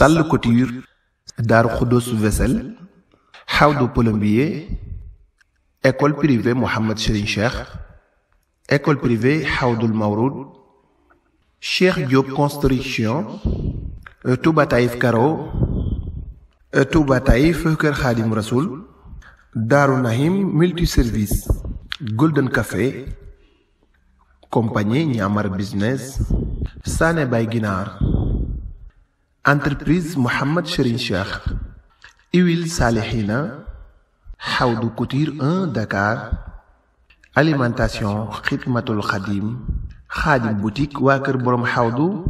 Salle Couture Darou Khodos Vessel Haudou Plombier école privée Mohamed sherin Cheikh école privée Haudou Mawroud Cheikh Diop construction e Touba taif Karo e Touba taif Khadim Rasoul Darou Nahim multiservice Golden Café compagnie Niamar Business Sane Bay entreprise Mohamed Serigne Cheikh Iwil Salihina Hawdu Couture 1 Dakar alimentation Xidmatul Xadim Xaadim boutique waa kër boroom Hawdu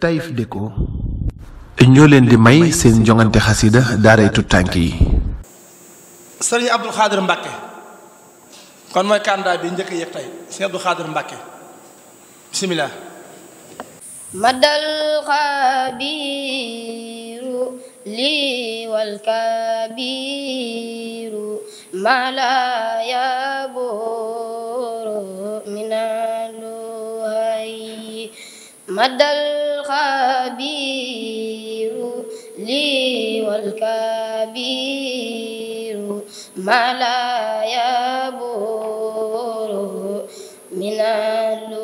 Taïf Déco ñoo leen di may seen jongante xasida daaray tuttànk yi Serigne Abdou Khadir Mbacké kon mooy candidat bi njëkk yëg tey Serigne Abdou Khadir Mbacké bismillah مدى الخبير لي والكبير ما لا يبور من اللهي مدى الخبير لي والكبير ما لا يبور من اللهي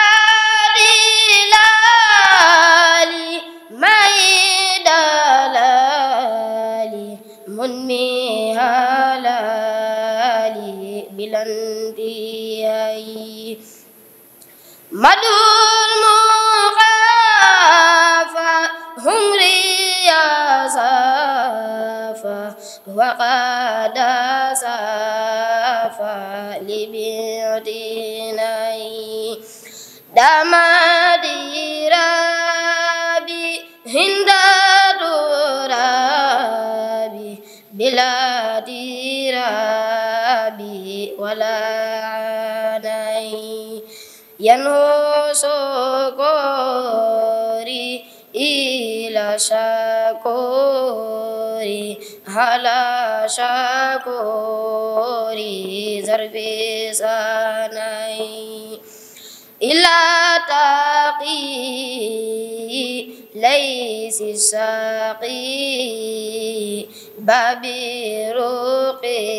Manu شاكوري هلا شاكوري زربي ساناي إلا تقي ليس الساقي بابي رقي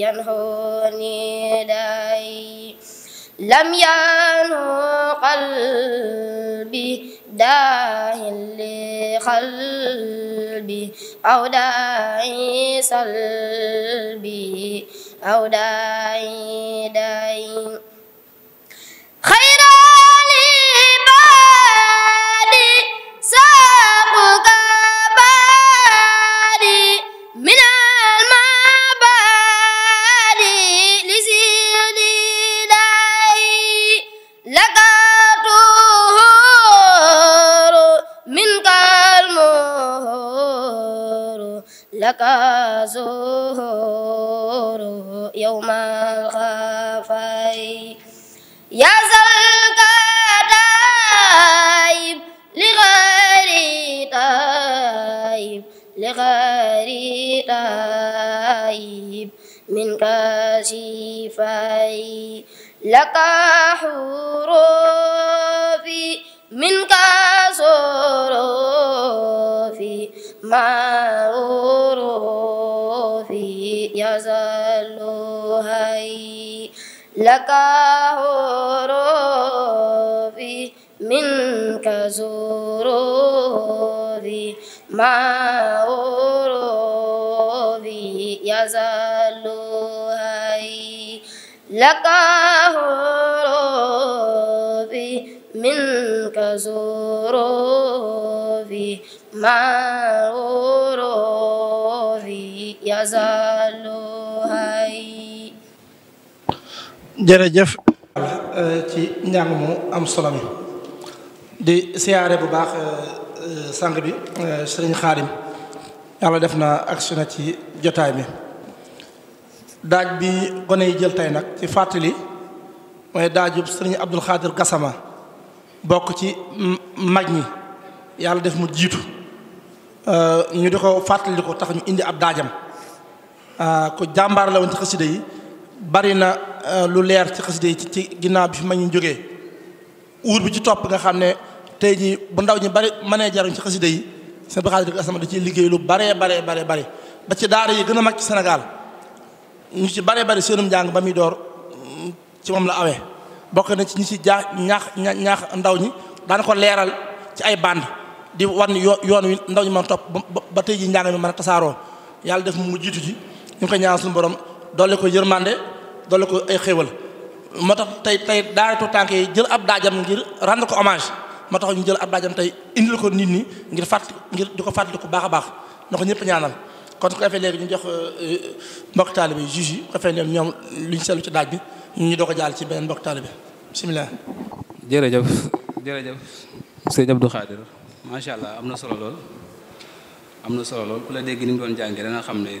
ينهوني داي لم ينه قلبي داع لقلبي أو داعي صلبي أو داعي داعي خير نكازور يوم الخفي يا تايب لغيري تائب لغيري تائب من كاشفي لك حروفي من صروفي ما yazalu hai laka ho rovi min kazurovi ma ho rovi yazalu hai laka ho min kazurovi ma ho rovi yazalu jërëjëf ci njàng mu am solo mi di siaré bu baax sang bi serigne khadim yàlla defna ak suna ci jotaay mi daaj bi gone jël tay nak ci fatali moy daaju serigne abdul khadir gasama bok ci magni yàlla def mu jitu euh ñu diko fatali ko tax ñu indi ab daajam ko jambar la won ci xasida yi bari na euh, lu leer ci xasida yi ci ginnaaw bi fi ma ñu jógee uur bi ci topp nga xam ne tey ji bu ndaw ñi bari mënee jaruñ ci xasida yi seen baxaal dëgg asama da ciy liggéey lu baree baree bare bare ba ci daara yi gën a mag ci Sénégal ñu ci bari seenum njàng ba muy door mm, ci moom la awee bokk na ci ñi ci jaa ñaax ndaw ñi daan ko leeral ci ay band di wan yoon wi ndaw ñi ma topp ba tey jii njàng mi mën a tasaaroo yàlla def mu jiitu ji ñu koy ñaan suñu borom doole ko yërmande doole ko ay xéewal moo tax tey tey daara tu tànk yi jël ab daajam ngir rendre ko hommage moo tax ñu jël ab daajam tey indil ko nit ñi ngir fàtt ngir du ko fàttali ko baax a baax na ko ñëpp ñaanal kon su ko defee léegi ñu jox euh, mbokk taalibe yi juge yi ko defee ñoom ñoom luñ seetlu ci daaj bi ñu doo ko jàll ci beneen mbokk taalibe bisimilah. jërëjëf jërëjëf sëñ Abdou Khadir macha allah am na solo lool am na solo lool ku la dégg ni doon jàngee dana xam ne.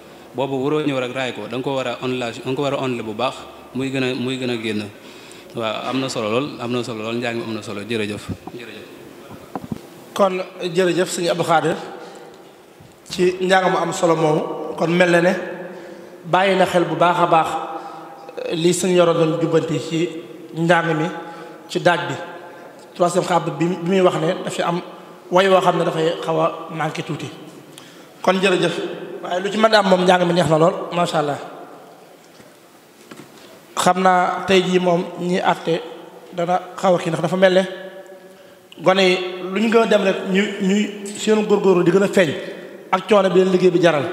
boobu waroo ñëw rek raay ko da ko war a onlage da nga ko war a onle bu baax muy gën a muy gën a génn waaw am na solo lool am na solo lool njàng mi am na solo jërëjëf jërëjëf kon jërëjëf sëñ Abdou Khadir ci njàng mu am solo moomu kon mel na ne bàyyi na xel bu baax a baax eh, lii sëñ yoro doon yi ci njàng mi ci daaj bi troisième xaab bi bi muy wax ne dafa am way woo xam ne dafay xaw a manqué tuuti kon jërëjëf waaye lu ci mën am moom njàng mi neex na lool macha allah xam naa tey jii moom ñi àtte dana xaw a kii ndax dafa mel ne gone yi lu ñu gën a dem rek ñu ñuy seen góorgóorlu di gën a feeñ ak coono bi leen liggéey bi jaral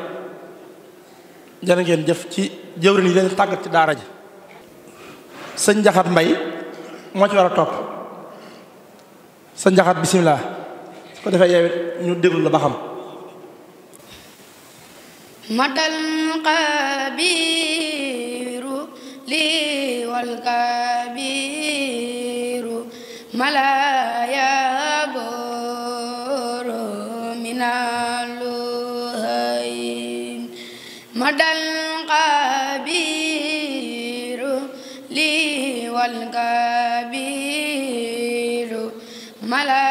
jërë ngeen jëf ci jëwrin yi leen tàggat ci daara ji sëñ Jaxat Mbay moo ci war a topp sëñ Jaxat bisimilah su ko defee yow ñu déglu la ba xam matal qabiru li wal kabiru malaya boro minalu hay matal qabiru li wal kabiru malaya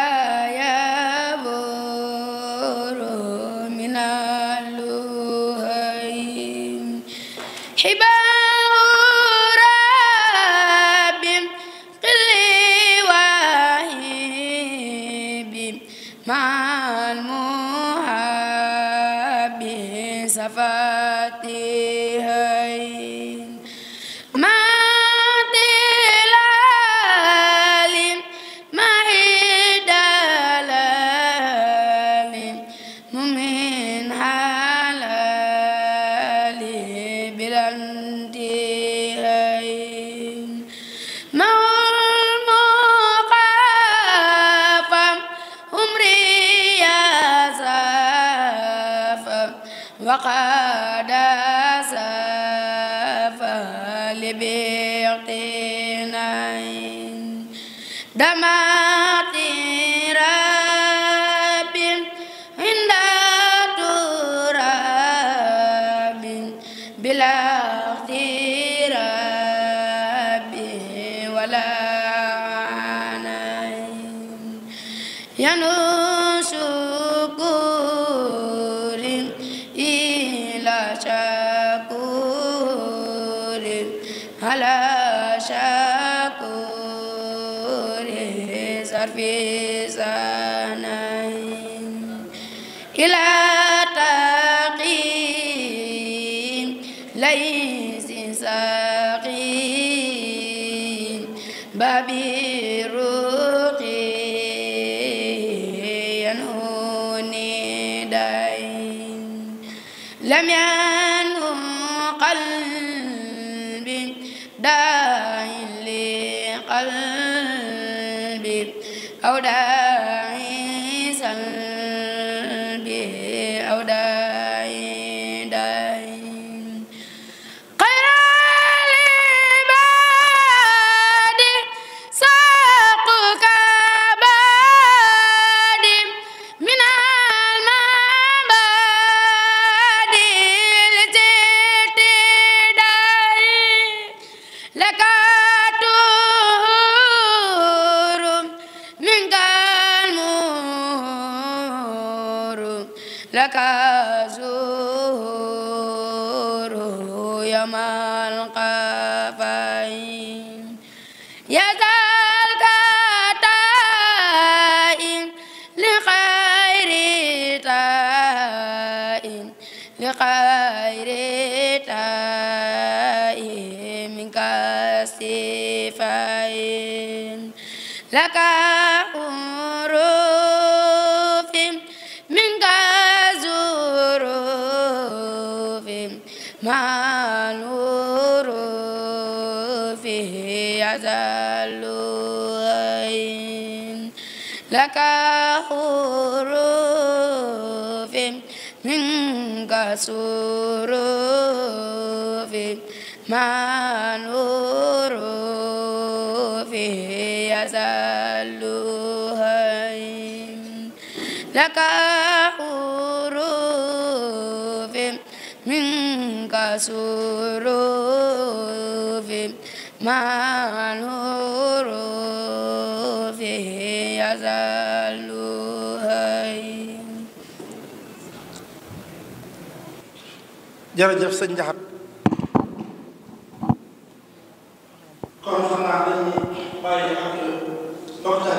لك حروف من سروف ما نور فيه يزال لك حروف من سروف ما نور jërëjëf sëñ Njaxat kon xam naa dañuy bàyyi ak docteur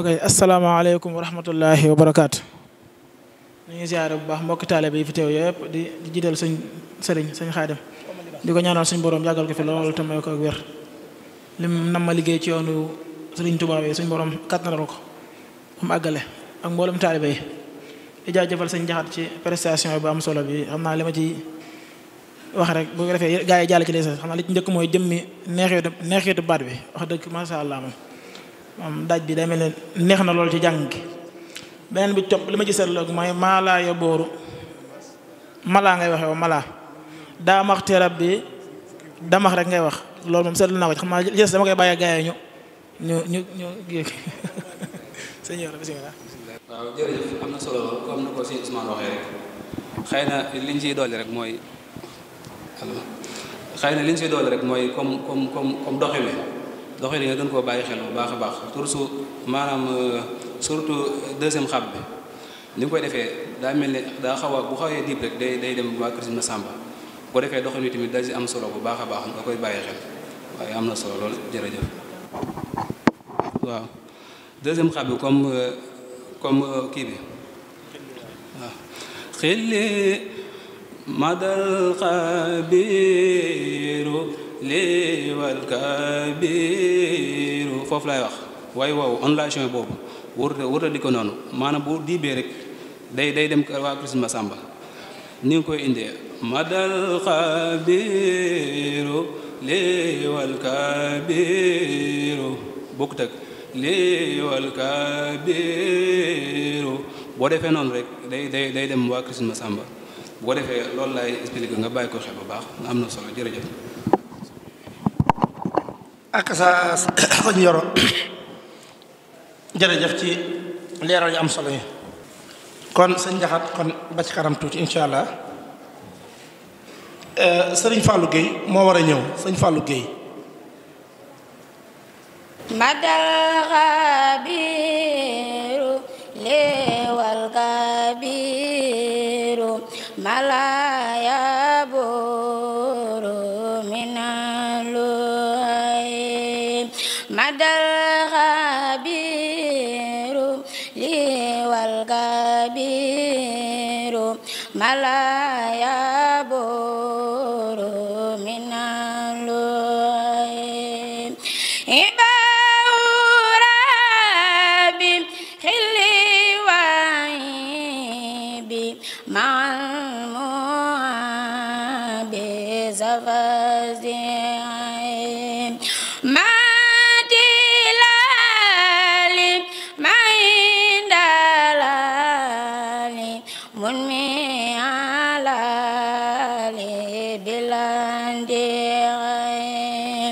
ok asalaamaaleykum wa rahmatullahi wa barakaatu ñu ngi ziare bu baax mbokki taalibe yi fi teew yëpp di di jiital sëñ sëriñ sëñ Xaadim di ko ñaanal suñ borom yàggal ko fi lool te may ko ak lim nam ma liggéey ci yoonu sëriñ Tuubaa bi suñ borom kàttanal ko am àggale ak mboolem taalibe yi di jaajëfal sañ jaxat ci prestation bi am solo bi xam naa li ma ci wax rek boo ko defee gaa yi jàll ci les xam naa li ci mooy jëmmi neexitu neexitu baat bi wax dëgg masha Allah moom daaj bi day mel ne neex na lool ci jàng gi beneen bi topp li ma ci seetlu mooy maalaa ya booru malaa ngay waxee malaa daamax terab bi damax rek ngay wax loolu moom seetlu naa ko xam naa li dama koy bàyyi gaa ñu ñu ñu ñu sëñ Yoro bisimilah. waaw jërëjëf am na solo lool comme ni ko sëñ Ousmane waxee rek xëy na liñ ciy dolli rek mooy xëy na liñ ciy dolli rek mooy comme comme comme comme doxin wi doxin yi nga gën koo bàyyi xel bu baax a baax surtout maanaam euh, surtout deuxième xab bi ni koy defee daa mel ne daa xaw a bu xawee diib rek day day dem waa Kër sàmp bu defee doxin wi tamit da ci am solo bu baax a baax nga koy bàyyi xel waaye am na solo lool jërëjëf. waaw deuxième xaaj comme euh, comme euh, kii bi waaw xilli madal xabiru foofu laay wax waaye waaw onlation boobu wurta wurta di ko noonu maanaam bu diibee rek day day dem waa Christmas Masamba ni nga koy indee madal xabiru لي والكبير بوكتك لي والكبير بو ديفه نون ريك داي داي داي ديم وا dem waa بو ديفه لول لاي defee nga bay ko xel bu baax am na solo jere ak sa xoj yoro jërëjëf ci leral yu am solo yi kon sëñ Jaxat kon ba ci karam tuti inshallah Euh, sëriñ Fallou Gueye moo war a ñëw sëriñ Fallou Gueye.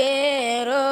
பேரோ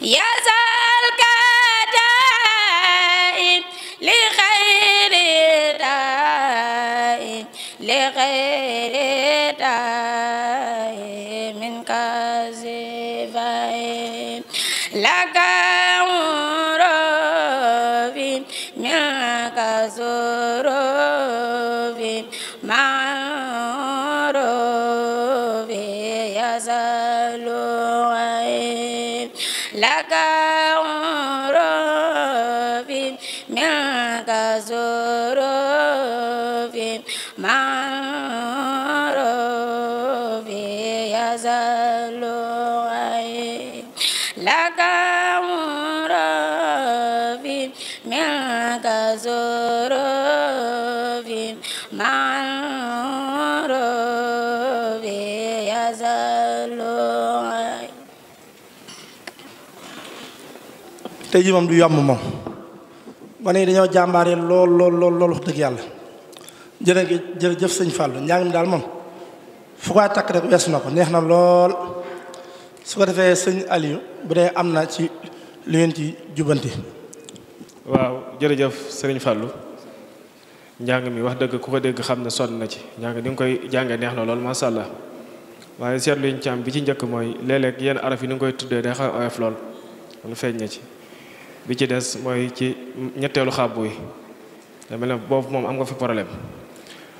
غير داع tey ji moom du yomb moom gone yi dañoo jàmbaare lool lool lool lool wax dëgg yàlla jërë ngi jërëjëf sëñ Fallou njàng daal moom fu takk rek na ko neex na lool su ko defee sëñ Aliou bu dee am na ci lu ngeen ci jubanti waaw jërëjëf sëriñ Fallou njàng mi wax dëgg ku ko dégg xam ne sonn na ci njàng ni nga koy jàngee neex na lool macha allah waaye seetlu ñu ci am bi ci njëkk mooy léeg-léeg yenn araf yi ni nga koy tuddee day xaw a lool lu feeñ na ci bi ci des mooy ci ñetteelu xàbbu yi dama ne boobu moom am nga fi problème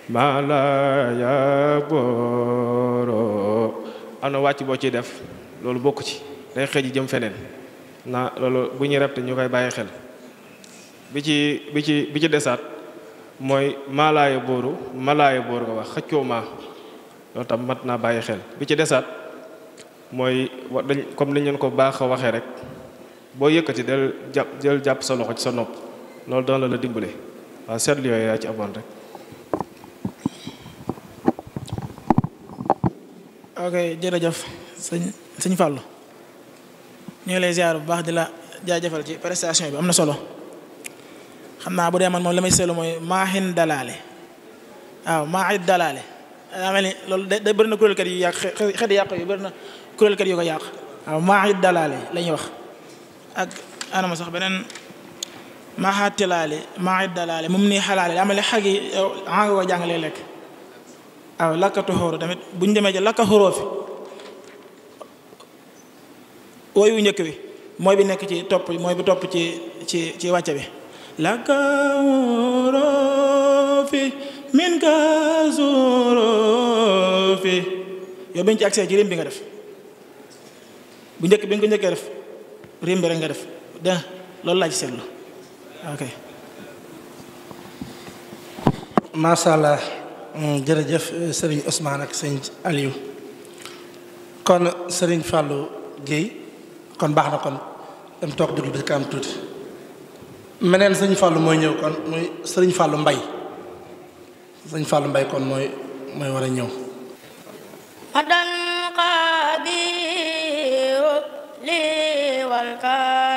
malaya boro am na wàcc boo ciy def loolu bokk ci day xëy ji jëm feneen na loolu bu ñuy repte ñu koy bàyyi xel bi ci bi ci bi ci desaat mooy malaaya booru malaaya booru nga wax xëccoo maa loolu tam mat naa bàyyi xel bi ci desaat mooy dañ comme dañ leen ko baax a waxee rek boo yëkkati del jàpp jël jàpp sa loxo ci sa nopp loolu dana la dimbale waaw seetlu yooyu yaa ci amoon rek. ok jërëjëf sëñ sëñ Fallou ñu ngi lay ziar bu baax di la jaajëfal ci prestation bi am na solo xam naa bu dee man moom la may seetlu mooy maaxin dalaale waaw maaxin dalaale daa mel ni loolu da bëri na kat yu yàq xeeti yàq yu bëri na kat yu ko yàq waaw maaxin dalaale la ñuy wax. أك أنا مسخبرين ما حتى لالي ما عدا لالي ممني حلالي لعمل حاجة عنو وجان ليلك أو لك تهور دمت بند ما جل لك هروف وي وينك بي ما بينك تي توب ما يبي توب تي تي تي واجي بي لك هروف من كزروف يا بنتي أكسي جريم بينك بنتك بنتك كيف rémbi rek nga def de loolu laaj ci seetlu ok. macha allah hmm, jërëjëf euh, sëriñ Ousmane ak sëriñ Aliou kon sëriñ fàllu Guèye kon baax na kon dem toog déglu bi kanam tuuti. meneen sëriñ Fallou mooy ñëw kon muy sëriñ Fallou Mbaye sëriñ Fallou Mbaye kon mooy mooy war a ñëw. adan qadir li 왈가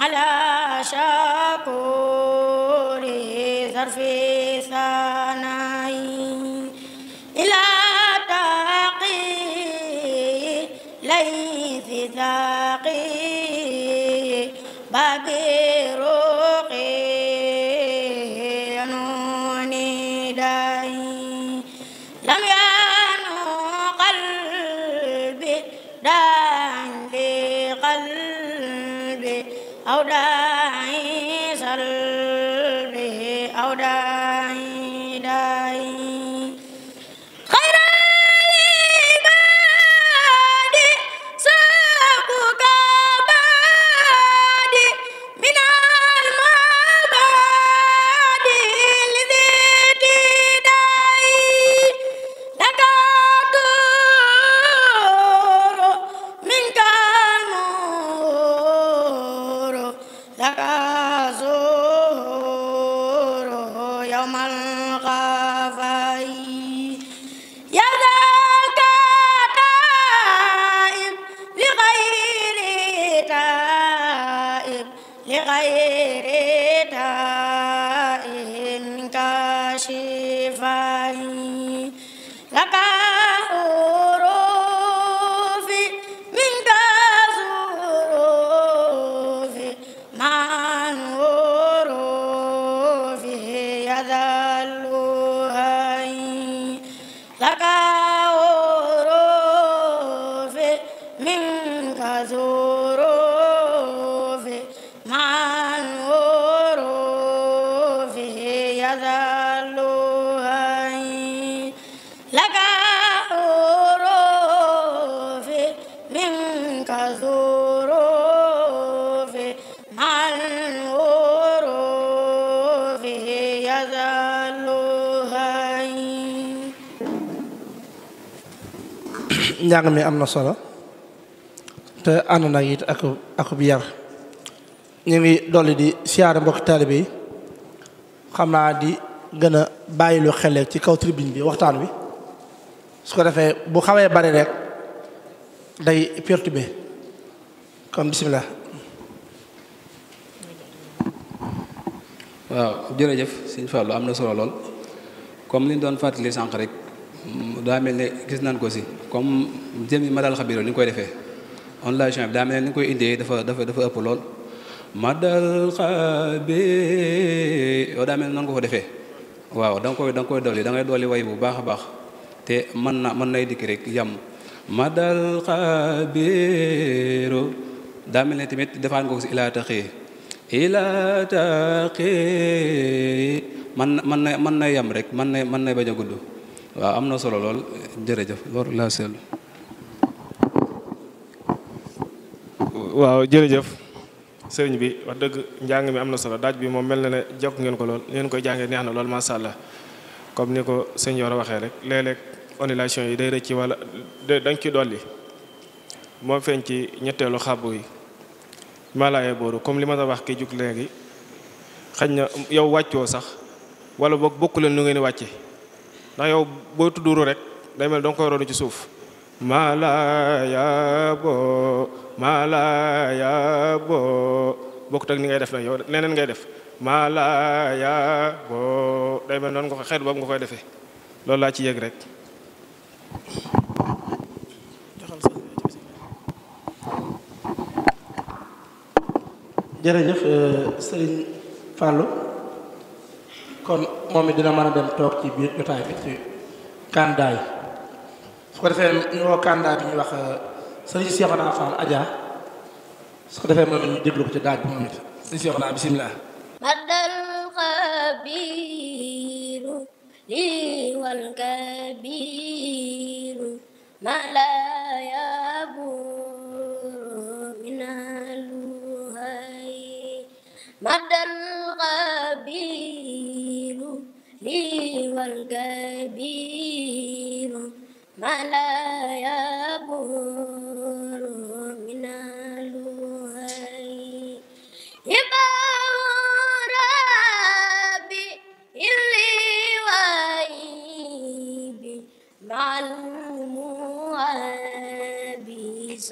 على شاكور ظرف ثار من كسروف مع وروفي يذل هي لك أوروف من كسروف مع وروفي يذل هي نعم أمنا صلاة te ànd nag it ak akub yar ñu ngi dolli di siyaare mbokk taalibe yi xam naa di gën a bàyyilu xele ci kaw tribune bi waxtaan wi su ko defee bu xawee bari rek day perturbé comme bisimilah. waaw jërëjëf sëñ Fallou am na solo lool comme li ñu doon fàttali sànq rek daa mel ne gis nañ ko si comme jëm yi ma daal xabiroo ni ñu koy defee. online bi daa mel ni koy indee dafa dafa dafa ëpp lool madal xabe yow daa mel noonu nga ko defee waaw da nga koy da nga koy dolli way bu baax a baax te man na mën nay dikk rek yam madal xabeero daa mel ne tamit defaan nga ko si ilaa taxee ilaa taxee mën na mën na mën na yam rek mën na mën na bañ a gudd waaw am na solo lool jërëjëf loolu laa seetlu waaw jërëjëf sëriñ bi wax dëgg njàng mi am na solo daaj bi moom mel na ne jokk ngeen ko lool ngeen koy jàngee neex na lool macha allah comme ni ko sëñ a waxee rek léeg-léeg ondulation yi day rëcc wala dañ ci dolli moo feeñ ci ñetteelu xàbbu yi malaayee booru comme li ma la wax ki jug léegi xañ na yow wàccoo sax wala boog bokku leen nu ngeen di wàcce ndax yow boo tudduru rek day mel da ci suuf maa laa yaa boo bokkut ak ni ngay def nag yow leneen ngay def maa laa yaa boo day noonu nga xeet boobu nga koy defee loolu laa ci yëg rek jërëjëf euh, sëriñ Fallou kon moom it dina mën a dem toog ci biir jotaay bi ci kàndaay su ko defee ñu woo kàndaay bi ñu wax euh, sëriñ Cheikhouna Fall aja. su ko defee belum nañu déglu ko ci daaj moom it sëriñ Cheikhouna bisimilah madal xabiru lii wal kabiru ma la yaburu minaluhay madal xabiru lii wal kabiru ma la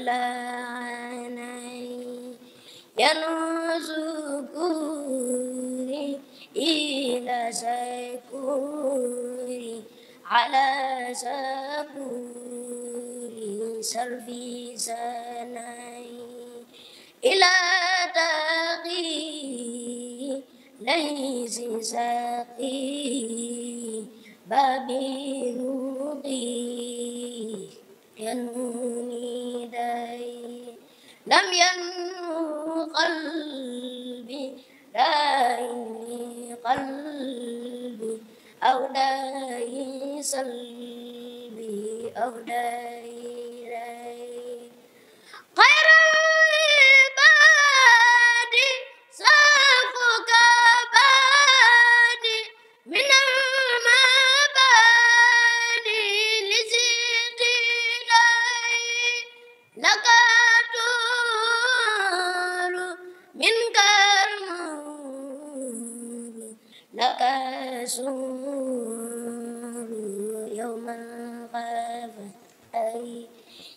مولانا ينصرني إلى شكوري على شكوري سلبي سناي إلى تقي ليس سقي بابي روقي ينوني لم ينمو قلبي داعي قلبي أو لا سلبي أو داعي الرسول يوما خاف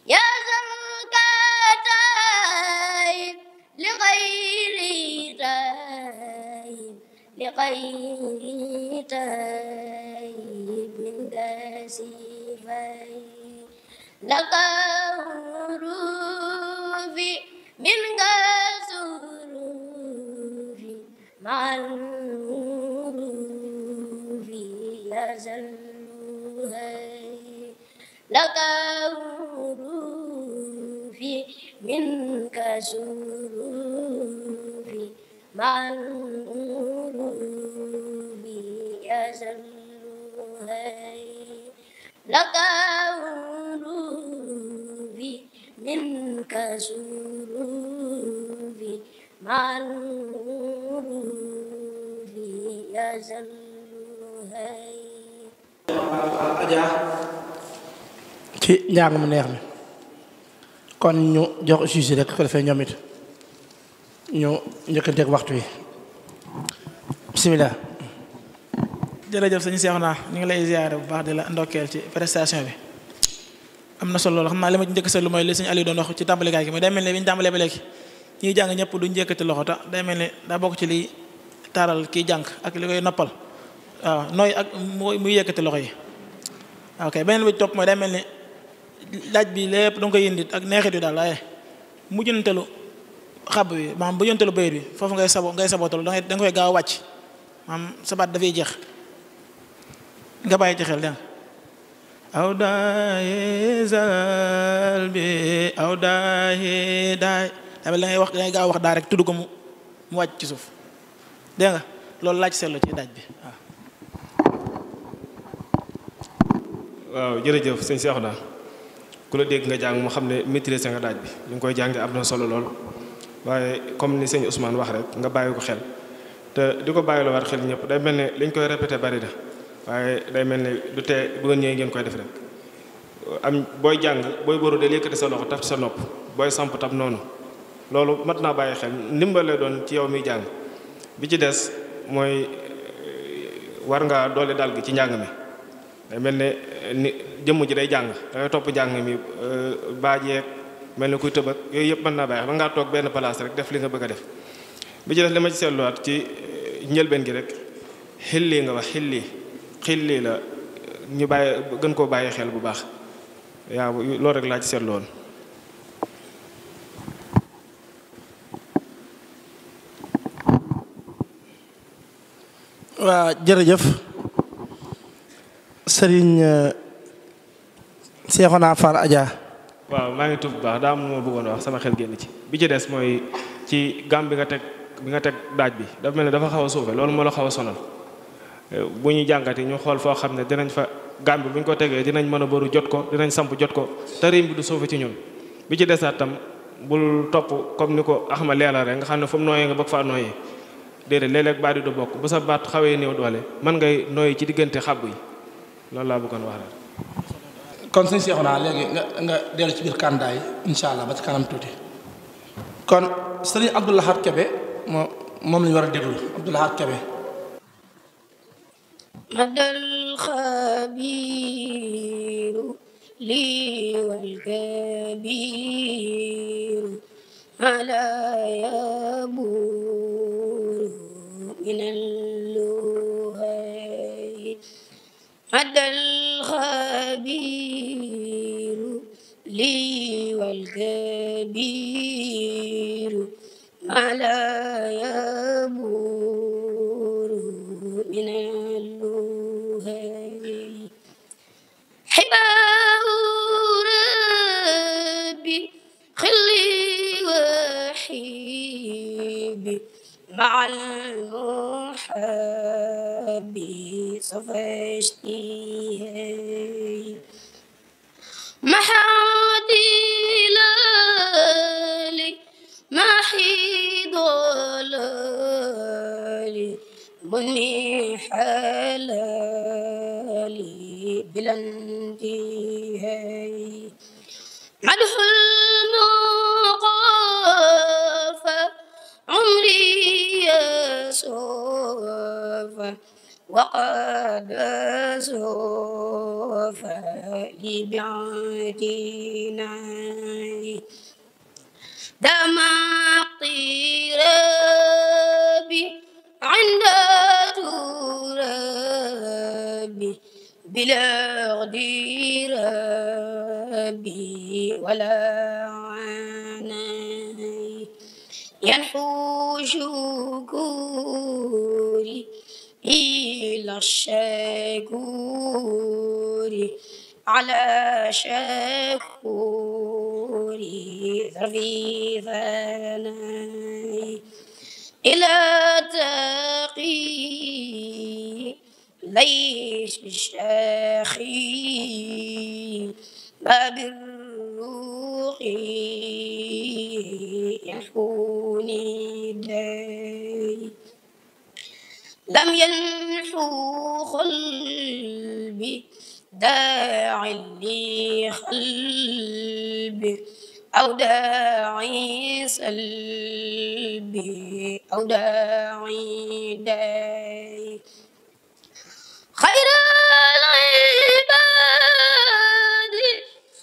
يا زكاة لغير تائب لغير تائب من كسيفين لقد الطرف من سروف مع الغروب يزلها لك غروب من سروف مع الغروب يزلها أجا ci njàng mu neex mi kon ñu jox juge rek ko defé ñoom it ñu njëkkanteeg waxtu yi bismillah bisimilah jërëjëf sëñ Seexna ñu ngi lay ziaré bu baax di la ndokkeel ci prestation bi amna solo lo xamna lima li ma sa lu moy le sëñ Aliou doon wax ci gaay gi mo day melni ne tambalé ba légui ñi jang ñëpp duñu jëkëti loxo ta day melni da bok ci li taral ki jang ak li koy noppal waaw ah, nooy ak muy yëkëti loxo yi ok benen bi top mooy day melni laaj bi lépp da nga koy indit ak neexit yu daal waaye mujjantelu xab bi maanaam mujjantelu bayit bi foofu ngay sabo ngay sabotalu da ngay da nga koy gaaw a wàcc maanaam sabaat dafay jeex nga bàyyi ci xel dégg aw daaye wax da ngay gaaw wax daa rek tudd ko mu mu wàcc ci suuf dégg nga loolu laaj seetlu ci daaj bi waaw. waaw jërëjëf sëñ Cheikh ku la dégg nga jàng mu xam ne maîtriser nga daaj bi li nga koy jàngee am na solo lool waaye comme ni sëñ Ousmane wax rek nga bàyyi ko xel te di ko bàyyi la war xel ñëpp day mel ne liñ koy répété bari na waaye day mel ne du tee bu ngeen ngeen koy def rek am booy jàng booy boru de yëkkati sa loxo taf sa nopp booy samp tam noonu loolu mat naa bàyyi xel ndimbal la doon ci yow miy jàng bi ci des mooy war ngaa doole dal gi ci njàng mi day mel ne ni jëmm ji day jàng dangay topp jàng mi euh, baajeeg mel ni kuy tëbëk yooyu yëpp mën naa bàyyi man ngaa toog benn place rek def li nga bëgg a def bi ci li ma ci seetluwaat ci euh, njëlbeen gi rek xilli nga wax xilli la ñu bàyyi koo bàyyi xel bu baax laa ci seetlu waa jërëjëf sëriñ Seexuna euh, Faal Aja waaw maa ngi tuub bu baax daa am lu ma bëggoon wax sama xel génn ci bi ci des mooy ci gam bi nga teg bi nga teg daaj bi dafa mel ne dafa xaw a suufe loolu moo la xaw a sonal bu ñu jàngati ñu xool foo xam ne dinañ fa gam bi bu ñu ko tegee dinañ mën a bëru jot ko dinañ samp jot ko te rim bi du suufe ci ñun bi ci desaat tam bul topp comme ni ko axama leela rek nga xam ne fu mu nooyee nga bëgg faa nooyee déedéet léeg-léeg baat yi du bokk bu sa baat xawee néew doole mën ngay nooyi ci diggante xàbb yi loolu laa bëggoon wax rek. kon suñu seexu naa léegi nga nga dellu ci biir candidat yi incha allah ba ci kanam tuuti. kon sëriñ Abdou Lahad Kébé moom moom la ñu war a déglu Abdou Lahad Kébé. madal xabiir lii wal kabiir ala yabu أدى الخبير لي والكبير على يبور من اللهي حباه ربي خلي وحيبي مع النور حبي صفشتي محادي لالي محيد لالي بني حلالي بلا انتهاي مدح عمري سوف وقد سوف لبعدنا دمع طيرابي عند ترابي بلا غدير ولا يحوج جوري إلى الشجور على شكوري ذرفي ثناي إلى تقي ليش الشاخي ما الروح يحوج إليه لم ينحو قلبي داع لي قلبي أو داعي سلبي أو داعي داي خير العباد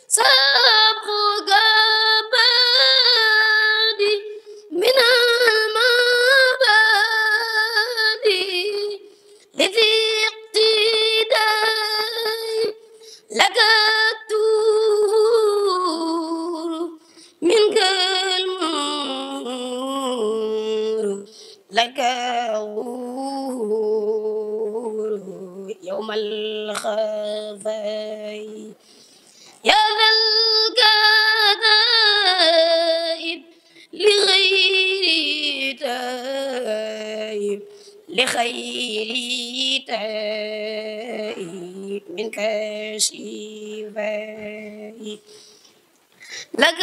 سلبي لقد من قلب لقد يوم الخفي يا ذا القذائب لغير تائب لخير تائب من كشفائي لك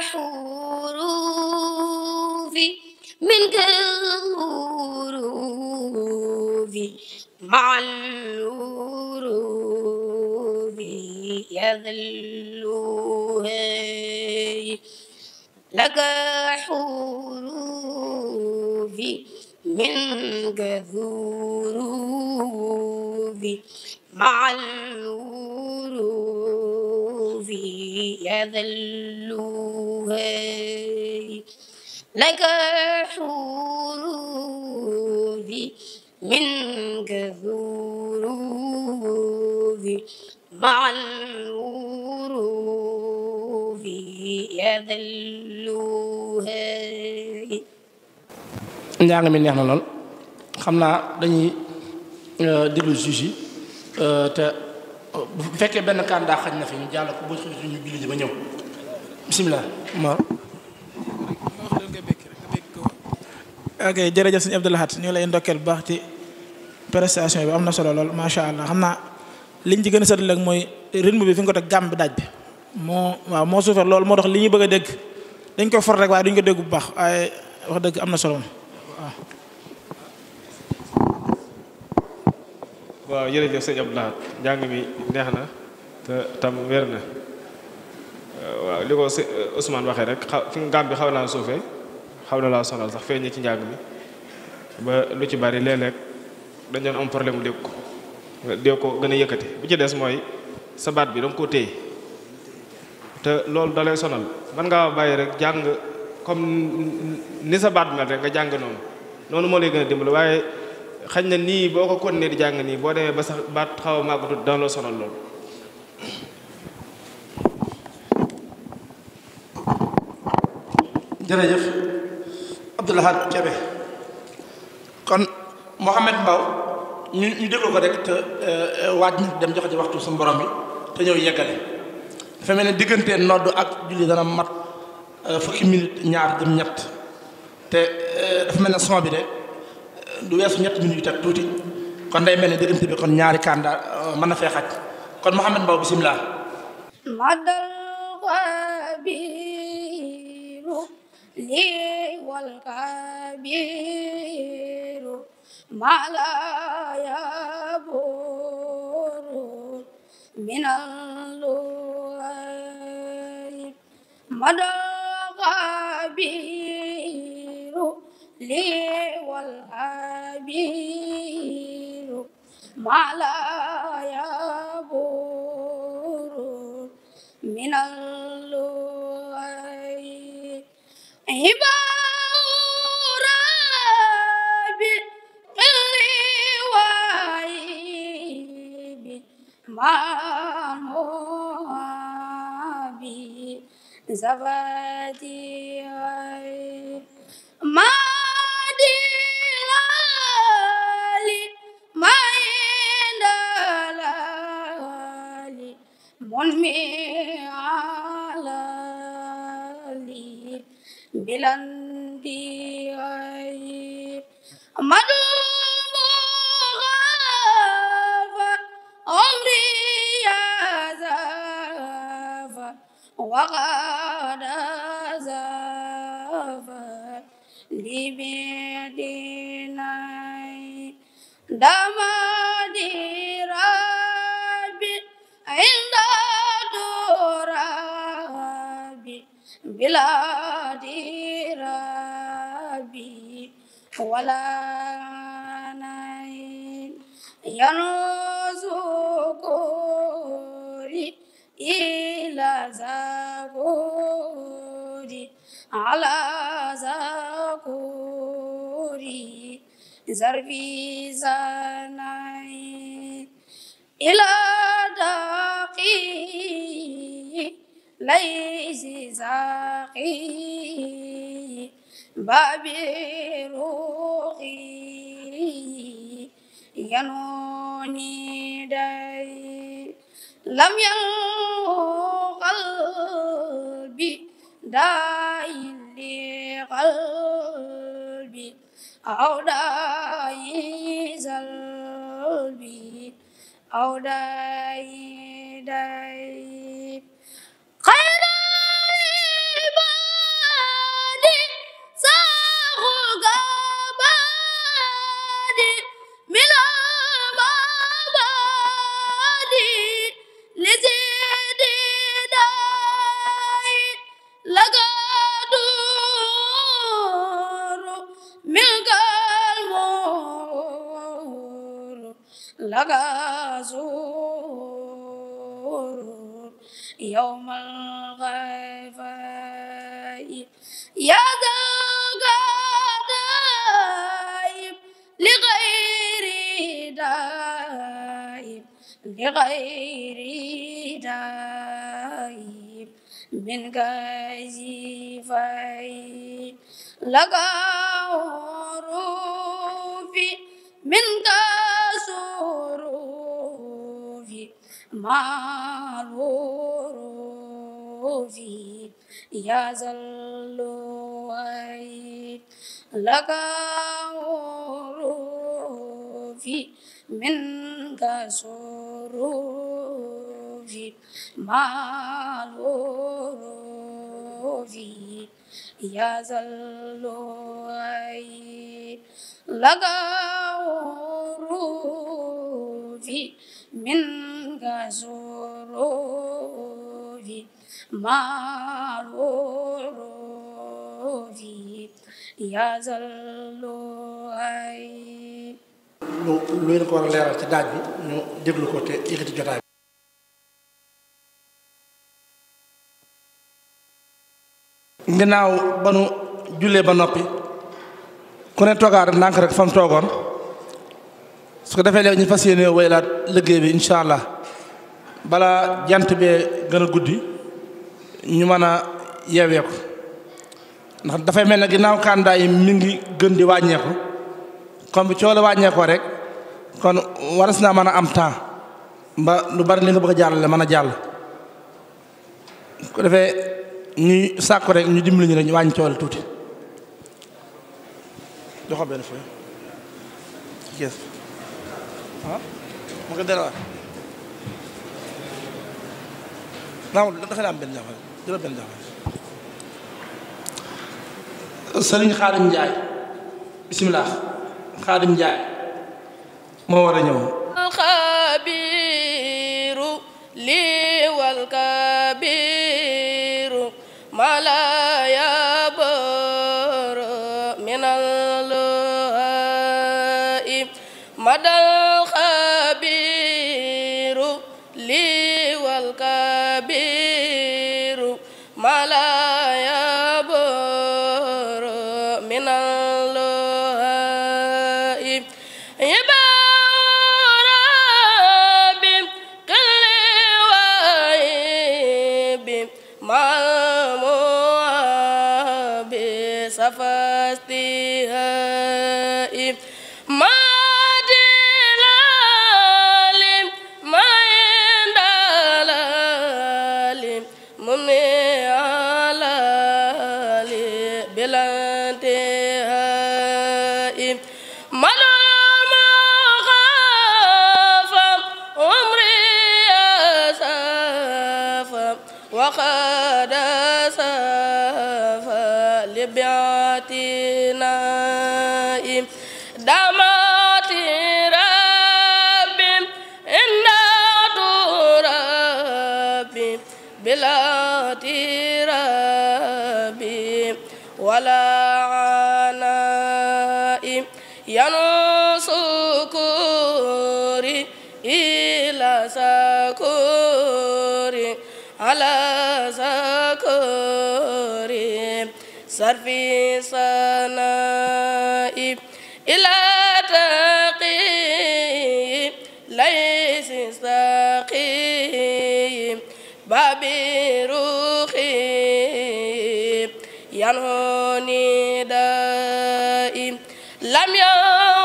حروفي من كالغروفي مع يا يظلها لك حروفي من كذروبي مع الغروب يذلها لك الحروب منك الغروب مع الغروب يذلها njàng mi neex na lool xam naa dañuy déglu juge yi Euh, te bu fekkee benn candidat xaj na fi ñu jàll ko boo xam ñu julli ji ba ñëw bisimilah. ok jërëjëf sëñ Abdou Lahad ñu ngi lay ndokkeel bu baax ci prestation bi am na solo lool macha allah xam naa liñ ci gën a seetlu rek mooy rythme bi fi nga ko teg gàmm bi daaj bi moo waaw moo suufar loolu moo tax li ñu bëgg a dégg dañ koy for rek waaye duñ ko dégg bu baax waaye wax dëgg am na solo waaw. waaw jërëjëf sëñ Abdou Lahad jàng mi neex na ta tam weer na waaw li ko Ousmane waxee rek fi nga gàm bi xaw naa suufee xaw na laa sonal sax feeñ ci njàng mi ba lu ci bari lee léeg dañ doon am problème mu dégg ko dégg ko gën a yëkkati bu ci des mooy sa baat bi danga koo téye te loolu da lay sonal mën ngaa bàyyi rek jàng comme ni sa baat mel rek nga jàng noonu noonu moo lay gën a dimbali waaye. xañ na nii boo ko continuer di jàng nii boo demee ba sax baat xaw a màggatut dana la sonal loolu jërëjëf Abdoulahad Kebe kon Mouhamed Mbaw ñu ñu déglu ko rek te euh, waaj nit dem joxe ci waxtu su borom bi te ñëw yeggale dafa mel ne diggante nodd ak julli dana mat euh, fukki minute ñaar jëm ñett te euh, dafa mel na son bi de du wess ñet ñu yu teg tuti kon day melni ne bi kon ñaari kanda euh, mën na fee kon muhammad Mbow bismillah madal xabiru li wal xabiru mala yaburu minal lu madal xabiru لي والأمير ما لا يبور من اللؤي عبارة بالغيب ما هو بزبادي زربي إلى داقي ليس زاقي بابي روقي ينوني داي لم ينغ قلبي داي لقلبي أو داي Au بغير داء من كاشفين لك عروفي منك سروري معروفي يا ذا الوعيد لك عروفي منك سروفي معلوفي يا زلوي لك عروفي منك سروفي معلوفي يا زلوي lu lu ñu ko war a leeral ci daaj bi ñu déglu ko te yëkkati jotaay ginnaaw ba nu jullee ba noppi ku ne toogaat ndànk rek fa mu toogoon su ko defee léegi ñu fas yéene waylaat liggéey bi incha allah bala jant bee gën a guddi ñu mën a yeewee ko ndax dafay mel ne ginnaaw kàndaay yi ngi gën di wàññeeku comme bi coow la wàññeekoo rek kon waras naa mën a am temps ba lu bari li nga bëgg a la mën a jàll ko defee ñuy sàkku rek ñu dimbali ñu rek ñu wàññi coowal tuuti joxo benn fooy yes ma ko delloo naam dafa am benn jafe jëlal benn jafe Sëriñ Xaadim Njaay bisimilah Xaadim Njaay moo war a ñëw alxabiru lii wal kabiru mala first the في صنائي إلى تقي ليس ساقي بابي روخي ينهوني دائم لم يقل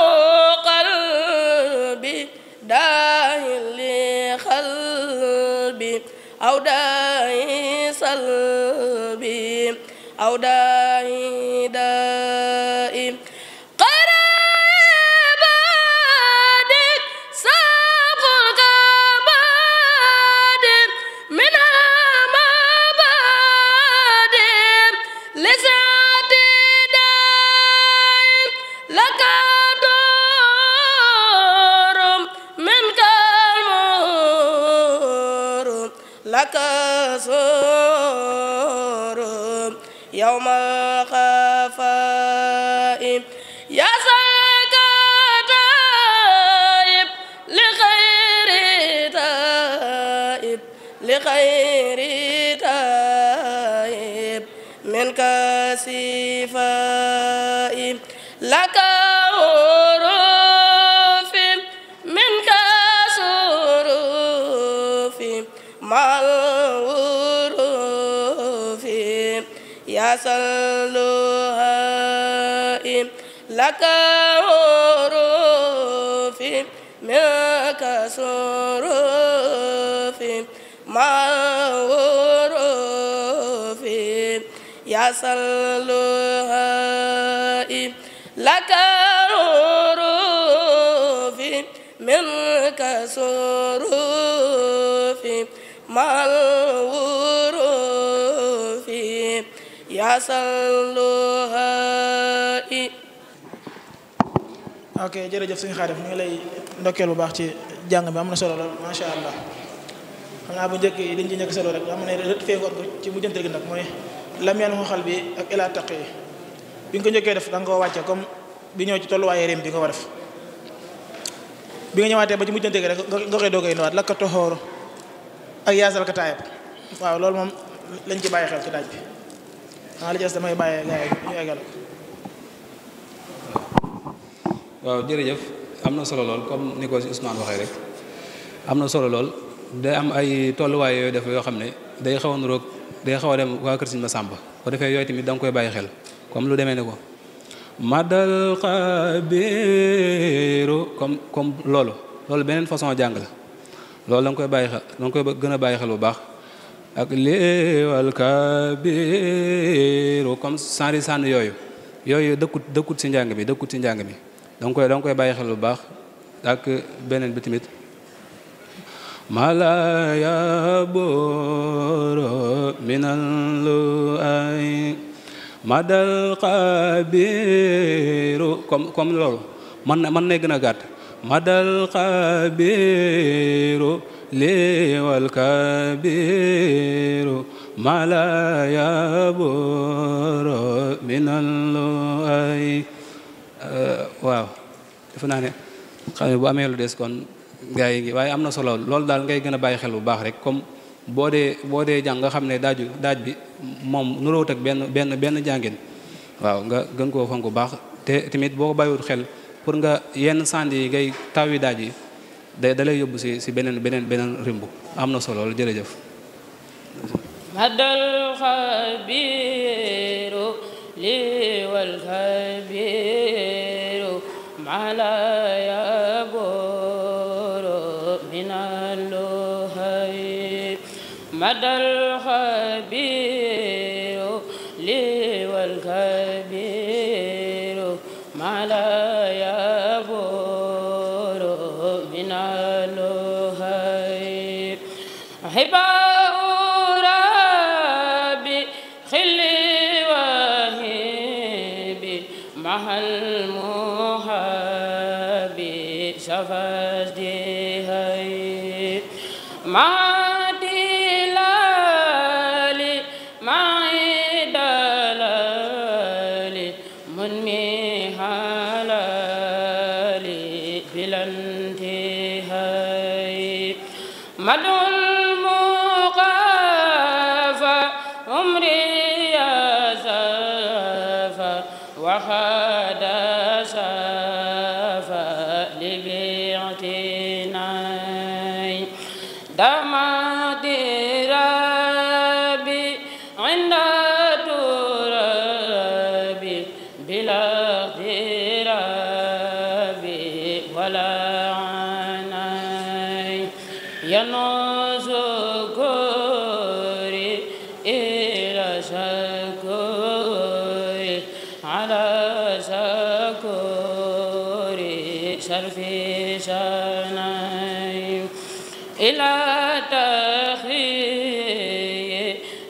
قلبي داهل لقلبي أو داهي صلبي أو داهي كروف من كسروف معروف يصلها لك روف من كسروف معروف يصلها ok jërëjëf suñu xaarif ñu ngi lay ndokkeel bu baax ci jàng bi am na solo lool macha allah xam naa bu njëkk yi liñ ci njëkk solo rek am na ret ci mujjante gi nag mooy lam yeen xal bi ak ila taq yi bi nga njëkkee def da nga koo wàcce comme bi ñëw ci tolluwaaye réem bi ko def bi nga ñëwaatee ba ci mujjante rek nga koy doogay nuwaat lakka toxoor ak yaasal ka waaw loolu moom lañ ci bàyyi xel ci daaj bi xanaa damay bàyyee gars yi ñu eggal waaw jërëjëf am na solo lool comme ni ko si Ousmane waxee rek am na solo lool day am ay tolluwaay yooyu def yoo xam ne day xaw a nuroog day xaw a dem waa kër Sëñ Masamba bu defee yooyu tamit danga koy bàyyi xel comme lu demee ko madal comme loolu loolu beneen façon jàng loolu da nga koy bàyyi xel da nga gën a bàyyi xel bu baax ak léewal kabiru comme sanri sànn yooyu yooyu dëkkut dëkkut si njàng bi dëkkut ci njàng bi danga koy danga koy bàyyi xel bu ak beneen bi tamit mala ya boro minal lu ay madal xabiru comme comme loolu man na mën na gàtt madal xabiru liwal kabiru mala ya boro minal lu ay waaw defe naa ne xam ne bu amee lu des kon gaa yi ngi waaye am na solo loolu daal ngay gën a bàyyi xel bu baax rek comme boo dee boo dee jàng nga xam ne daaju daaj bi moom nuróowut ak benn benn benn jàngin waaw nga gën koo fonk bu baax te tamit boo ko bàyyiwut xel pour nga yenn sànni yi ngay taw yi daaj yi day dalay yóbbu si si beneen beneen beneen rimbu am na solo loolu jërëjëf. la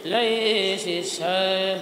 ليس الشيخ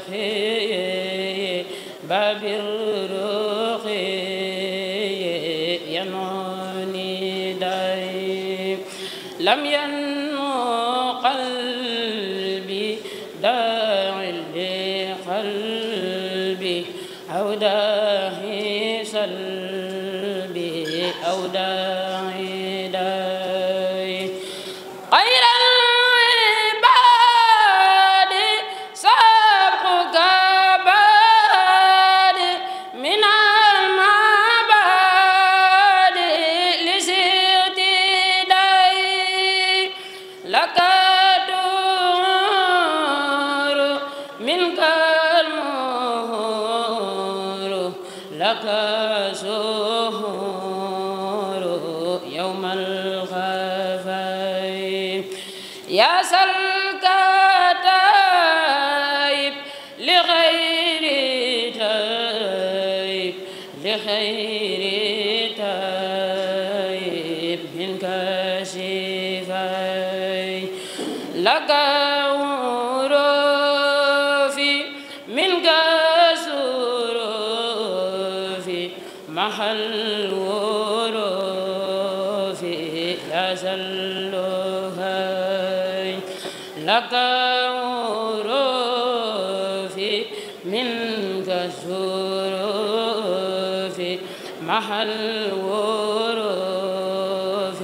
محى الورف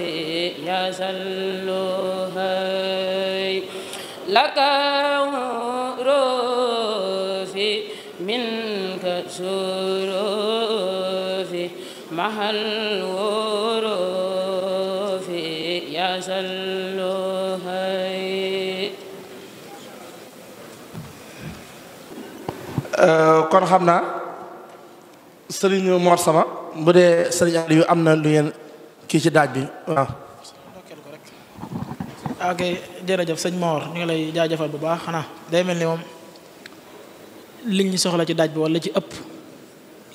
يسلها لك عروف منك سروف محى الورف يسلها kon xam naa sëriñ Mor Sama bu dee sëriñ Aliou am na lu ngeen kii ci daaj bi waaw. ok jërëjëf sëñ Mor ñu ngi lay jaajëfal bu baax xanaa day mel ni moom liñ ñu soxla ci daaj bi wala ci ëpp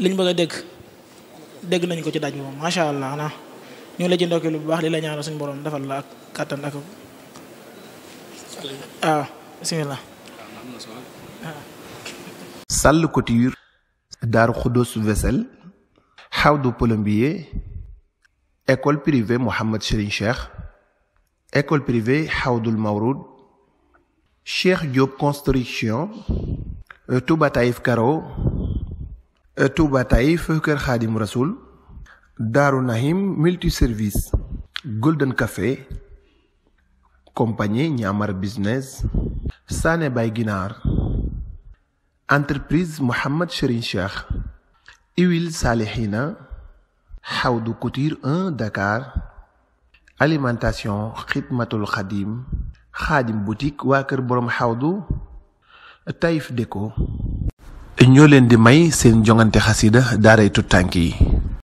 liñ bëgg dëgg dégg dégg nañ ko ci daaj bi moom macha allah xanaa ñu ngi la ci ndokkeel bu baax li lay ñaanal suñu borom defal la ak kàttan ak. waaw bisimilah. Sall Couture. Darou Khoudoss Vaisselle. حاودو بولمبي ايكول بريفي محمد شيرين شيخ ايكول بريفي حاودو المورود شيخ جوب كونستريكسيون توبا تايف كارو توبا تايف كر خادم رسول دارو نهيم ملتي سيرفيس جولدن كافي كومباني نيامار بيزنس ساني باي جينار انتربريز محمد شيرين شيخ Huile Salihina Hawdu Couture 1 Dakar alimentation Xidmatul Xadim Xaadim boutique waa kër boroom Hawdu Taïf Déco ñoo leen di may seen jongante xasida daaray tànk yi